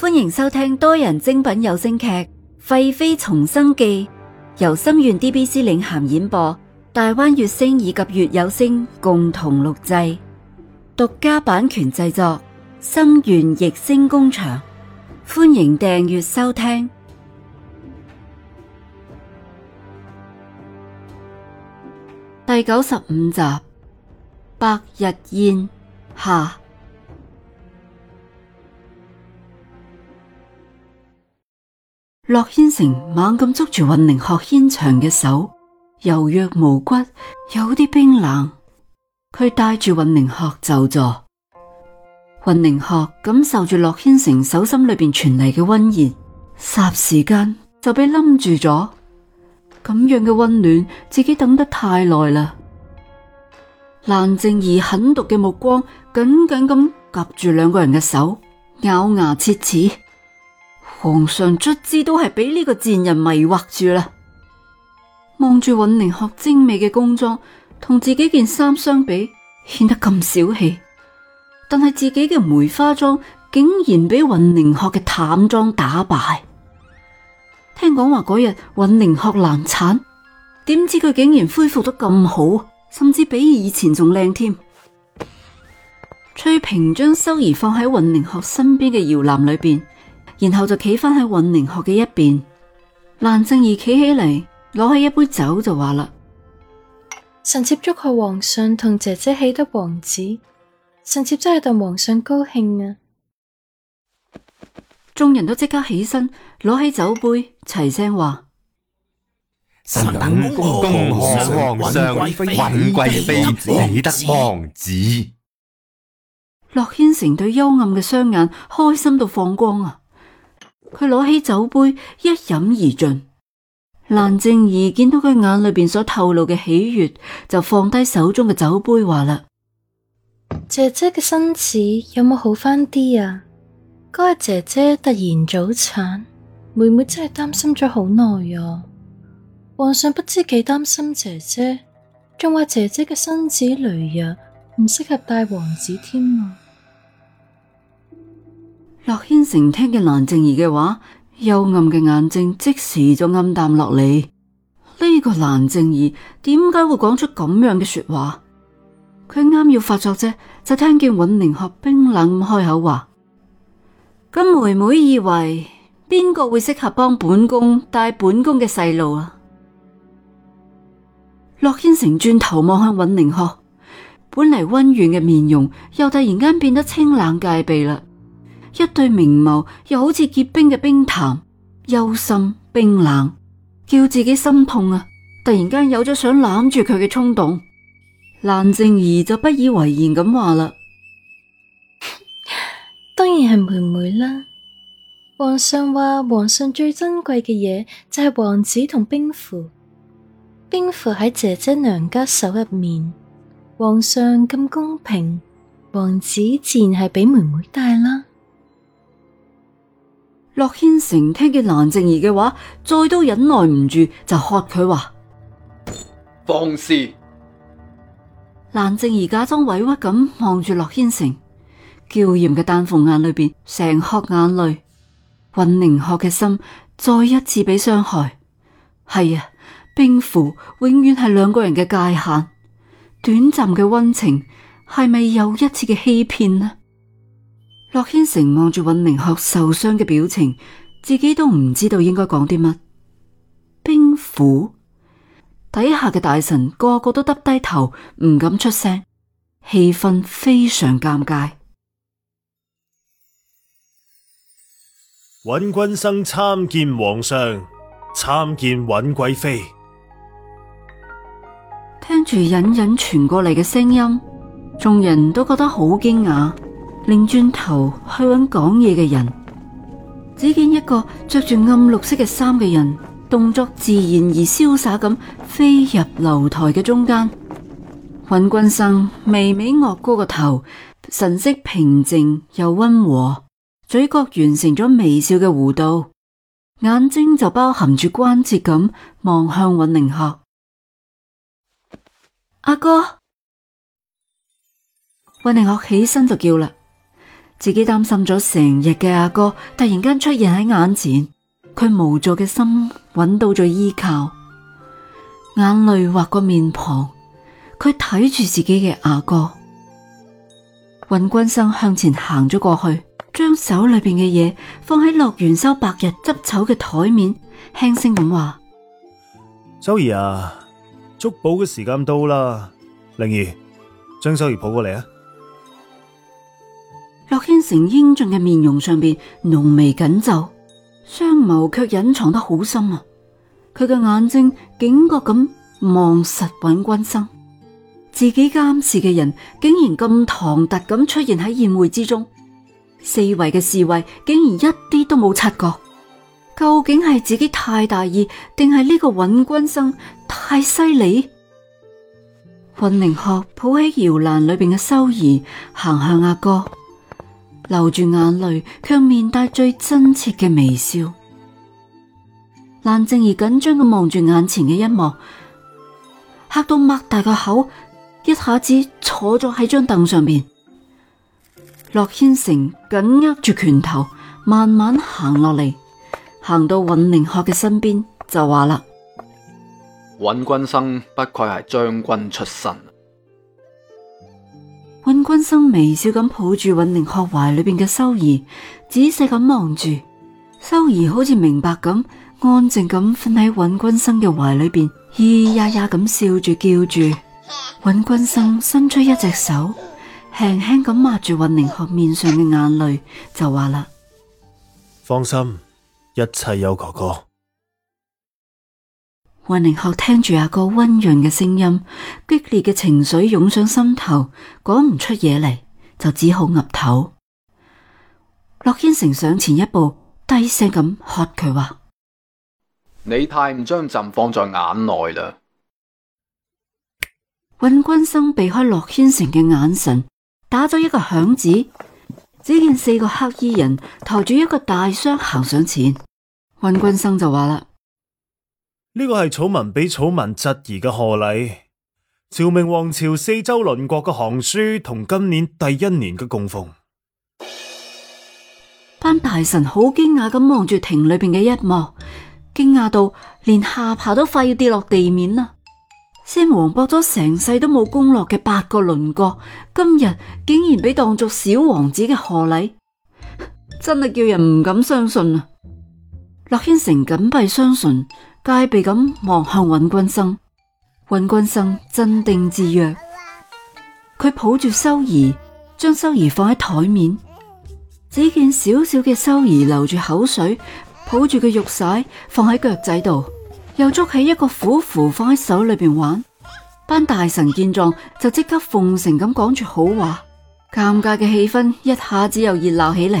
歡迎收聽多人精品有聲劇《廢妃重生記》，由心願 D B C 領銜演播，大灣月星以及月有聲共同錄製，獨家版權製作，心願逸星工場。歡迎訂閱收聽第九十五集《百日宴下》。洛軒成猛咁捉住雲寧鶴纖長嘅手，柔弱無骨，有啲冰冷。佢帶住雲寧鶴就座。雲寧鶴感受住洛軒成手心裏邊傳嚟嘅溫熱，霎時間就被冧住咗。咁樣嘅溫暖，自己等得太耐啦。蘭靜兒狠毒嘅目光緊緊咁夾住兩個人嘅手，咬牙切齒。皇上卒之都係俾呢個賤人迷惑住啦，望住允寧學精美嘅宮裝，同自己件衫相比，顯得咁小氣。但係自己嘅梅花妝竟然俾允寧學嘅淡妝打敗。聽講話嗰日允寧學難產，點知佢竟然恢復得咁好，甚至比以前仲靚添。翠平將修兒放喺允寧學身邊嘅搖籃裏邊。然後就企翻喺尹寧學嘅一邊，蘭正儀企起嚟，攞起一杯酒就話啦：臣妾祝賀皇上同姐姐喜得王子，臣妾真係對皇上高興啊！眾人都即刻起身，攞起酒杯，齊聲話：臣等恭賀皇上、尹貴妃喜得王子。洛軒成對幽暗嘅雙眼開心到放光啊！佢攞起酒杯一飲而盡。蘭靜兒見到佢眼裏邊所透露嘅喜悅，就放低手中嘅酒杯，話啦：姐姐嘅身子有冇好翻啲啊？嗰日姐姐突然早產，妹妹真係擔心咗好耐啊。皇上不知幾擔心姐姐，仲話姐姐嘅身子羸弱啊，唔適合帶王子添啊。洛軒成聽見蘭靜怡嘅話，幽暗嘅眼睛即時就暗淡落嚟。呢、這個蘭靜怡點解會講出咁樣嘅說話？佢啱要發作啫，就聽見尹寧鶴冰冷咁開口話：咁妹妹以為邊個會適合幫本宮帶本宮嘅細路啊？洛軒成轉頭望向尹寧鶴，本嚟溫軟嘅面容又突然間變得清冷戒備啦。一對明眸，又好似結冰嘅冰潭，憂心冰冷，叫自己心痛啊！突然間有咗想攬住佢嘅衝動，蘭靜儀就不以為然咁話啦： 當然係妹妹啦。皇上話，皇上最珍貴嘅嘢就係王子同兵符，兵符喺姐姐娘家手入面，皇上咁公平，王子自然係俾妹妹帶啦。洛軒城聽見藍靜兒嘅話，再都忍耐唔住，就喝佢話：放肆！藍靜兒假裝委屈咁望住洛軒城，嬌艷嘅丹鳳眼裏邊成顆眼淚，允寧鶴嘅心再一次俾傷害。係啊，冰符永遠係兩個人嘅界限，短暫嘅温情係咪又一次嘅欺騙呢？洛軒成望住尹明學受傷嘅表情，自己都唔知道應該講啲乜。兵斧底下嘅大臣個個都耷低頭，唔敢出聲，氣氛非常尷尬。尹君生參見皇上，參見尹貴妃。聽住隱隱傳過嚟嘅聲音，眾人都覺得好驚訝。擰轉頭去揾講嘢嘅人，只見一個着住暗綠色嘅衫嘅人，動作自然而瀟灑咁飛入樓台嘅中間。尹君生微微鄂高個頭，神色平靜又温和，嘴角完成咗微笑嘅弧度，眼睛就包含住關切咁望向尹寧鶴。阿哥。尹寧鶴起身就叫啦。自己擔心咗成日嘅阿哥突然間出現喺眼前，佢無助嘅心揾到咗依靠，眼淚劃過面龐，佢睇住自己嘅阿哥，哥。尹君生向前行咗過去，將手裏邊嘅嘢放喺樂元修百日執酒嘅台面，輕聲咁話：周兒啊，捉寶嘅時間到啦，靈兒，將周兒抱過嚟啊。洛軒成英俊嘅面容上邊濃眉緊皺，雙眸卻隱藏得好深啊！佢嘅眼睛警覺咁望實尹君生，自己監視嘅人竟然咁唐突咁出現喺宴會之中，四圍嘅侍衛竟然一啲都冇察覺，究竟係自己太大意，定係呢個尹君生太犀利？尹明鶴抱起搖籃裏邊嘅修兒，行向阿哥。流住眼淚，卻面帶最真切嘅微笑。蘭靜兒緊張咁望住眼前嘅一幕，吓到擘大個口，一下子坐咗喺張凳上邊。駱軒成緊握住拳頭，慢慢行落嚟，行到尹寧鶴嘅身邊就話啦：尹君生不愧係將軍出身。尹君生微笑咁抱住尹寧學懷裏邊嘅修兒，仔細咁望住修兒，好似明白咁，安靜咁瞓喺尹君生嘅懷裏邊，咿呀呀咁笑住叫住。尹君生伸出一隻手，輕輕咁抹住尹寧學面上嘅眼淚，就話啦：放心，一切有哥哥。溫寧學聽住阿哥溫潤嘅聲音，激烈嘅情緒湧上心頭，講唔出嘢嚟，就只好岌頭。駱軒成上前一步，低聲咁喝佢話：你太唔將朕放在眼內啦！溫君生避開駱軒成嘅眼神，打咗一個響指，只見四個黑衣人抬住一個大箱行上前。溫君生就話啦。呢個係草民俾草民侄兒嘅賀禮，朝明王朝四周鄰國嘅行書同今年第一年嘅供奉。班大臣好驚訝咁望住亭裏邊嘅一幕，驚訝到連下巴都快要跌落地面啦！先王博咗成世都冇攻落嘅八個鄰國，今日竟然俾當作小王子嘅賀禮，真係叫人唔敢相信啊！樂軒成緊閉相信。戒備咁望向尹君生，尹君生鎮定自若。佢抱住修兒，將修兒放喺台面。只見小小嘅修兒流住口水，抱住個玉璽放喺腳仔度，又捉起一個虎符放喺手裏邊玩。班大臣見狀就即刻奉承咁講住好話，尷尬嘅氣氛一下子又熱鬧起嚟。